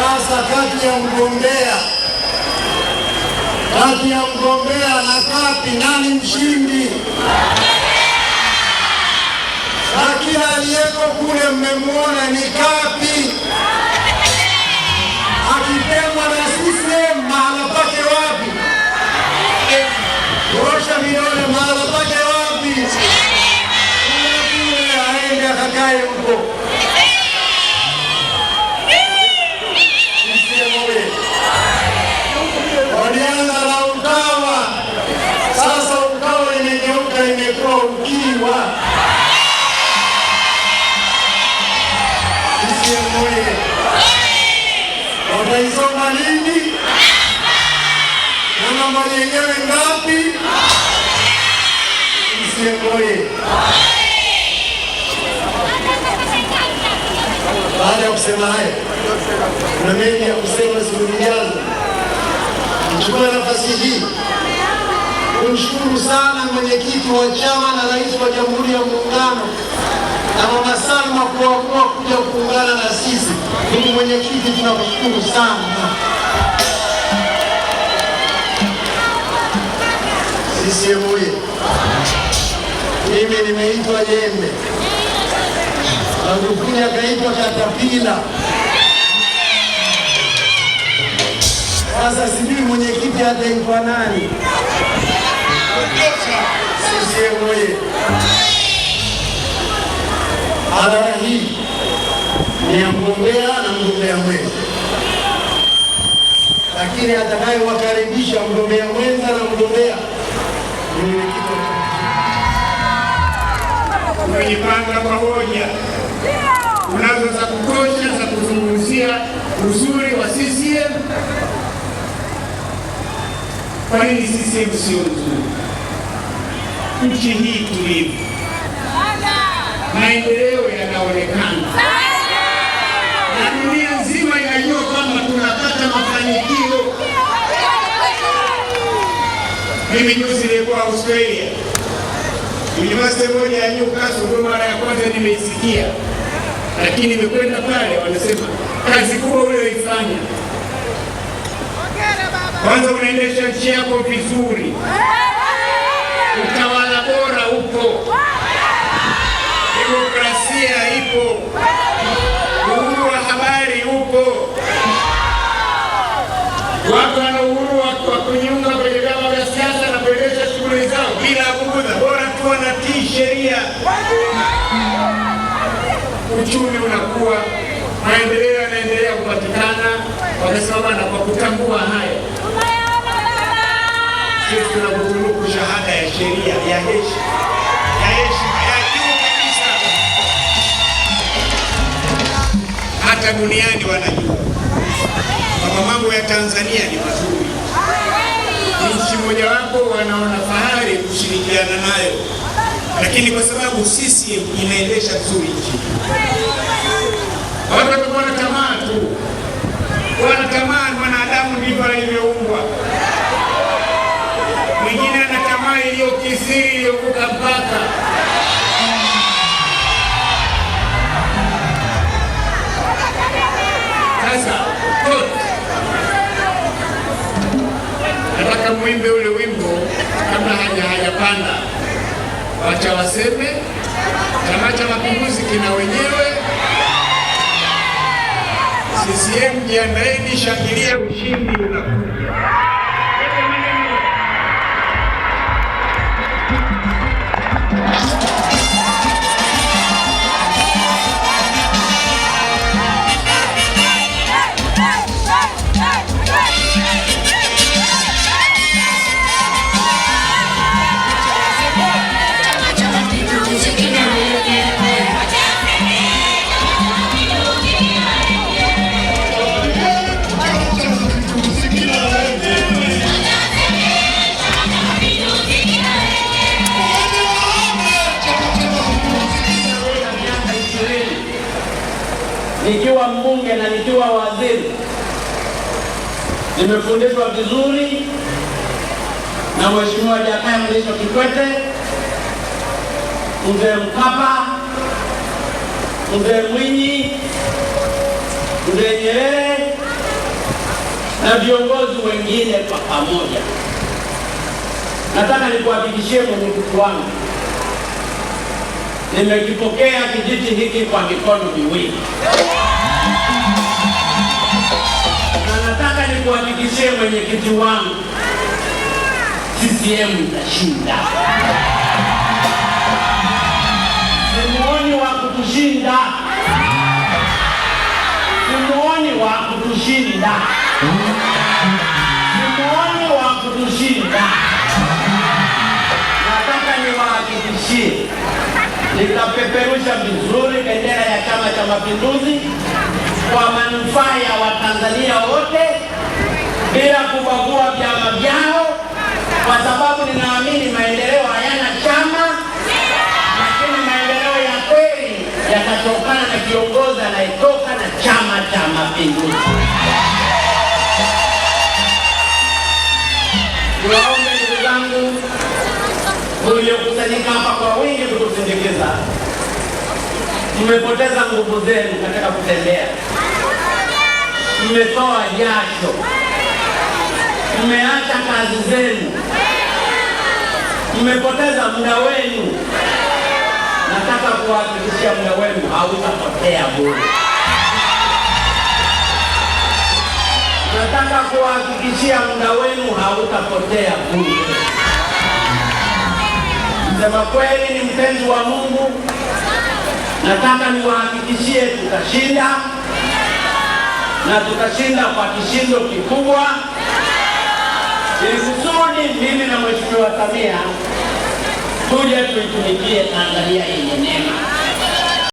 sasa kati ya mgombea kati ya mgombea na kapi nani mshindi? Na kila aliyeko kule mmemwona ni kapi. Akipemwa na sisem mahala pake wapi? Korosha vidole mahala pake wapi? Kule aende akakae huko. lá. Testemunhe. Organizou Malini. Ana Maria Ngapi. Testemunhe. Baada ya kusema haya, kuna mengi ya kusema siku zijazo. Nichukua nafasi hii nimshukuru sana mwenyekiti wa chama na rais wa Jamhuri ya Muungano na Mama Salma kuamua kuja kuungana na sisi. Ndugu mwenyekiti, tunakushukuru sana. Sisi oye! Mimi nimeitwa jembe, Magufuli akaitwa katapila. Sasa sijui mwenyekiti ataitwa nani? sisi moye. Hadhara hii ni ya mgombea na mgombea mwenza, lakini atakayewakaribisha mgombea mwenza na mgombea tumejipanga pamoja, unazo za kutosha za kuzungumzia uzuri wa CCM. Kwa nini CCM sio nzuri? nchi hii tulivu, maendeleo yanaonekana na dunia nzima inajua kwamba tunapata mafanikio. Mimi juzi nilikuwa Australia, university moja ya Newcastle, ndio mara ya kwanza nimeisikia, lakini nimekwenda pale, wanasema kazi kubwa uliyoifanya kwanza, unaendesha nchi yako vizuri sheria, uchumi unakuwa, maendeleo yanaendelea kupatikana na kwa kutambua haya. Sisi tunakutunuku shahada ya sheria ya heshima hata duniani wanajua kwamba mambo ya Tanzania ni mazuri. Nchi mojawapo wanaona fahari kushirikiana nayo lakini kwa sababu sisi inaendesha vizuri nchi. Watu watakuwa na tamaa tu, wana tamaa. Mwanadamu ndivyo alivyoumbwa. Mwingine ana tamaa iliyokithiri iliyovuka mpaka. nataka mwimbe ule wimbo kabla haja hajapanda wacha waseme. Chama cha Mapinduzi kina wenyewe. CCM, jiandaeni, shangilia, ushindi unakuja. nikiwa mbunge na nikiwa waziri nimefundishwa vizuri na Mheshimiwa Jakaya Mrisho Kikwete, Mzee Mkapa, Mzee Mwinyi, Mzee Nyerere na viongozi wengine kwa pamoja. Nataka nikuhakikishie mwenyekiti wangu, nimekipokea kijiti hiki kwa mikono miwili na nataka nikuhakikishie mwenyekiti wangu, CCM itashinda. Simuoni wa kutushinda, simuoni wa kutushinda, simuoni wa kutushinda. Nataka niwahakikishie, nitapeperusha vizuri cha Mapinduzi kwa manufaa ya Watanzania wote bila kubagua vyama vyao, kwa sababu ninaamini maendeleo hayana chama, lakini maendeleo ya kweli yatatokana na kiongozi anayetoka na Chama cha Mapinduzi. Niwaombe ndugu zangu hapa kwa wingi kutusindikiza mmepoteza nguvu zenu katika kutembea, mmetoa jasho, mmeacha kazi zenu, mmepoteza muda wenu. Nataka kuwahakikishia muda wenu hautapotea bure. Nataka kuwahakikishia muda wenu hautapotea bure. Msema kweli ni mpenzi wa Mungu. Nataka niwahakikishie tutashinda na tutashinda kwa kishindo kikubwa. Nilikusudi mimi na Mheshimiwa Samia tuje tuitumikie Tanzania yenye neema.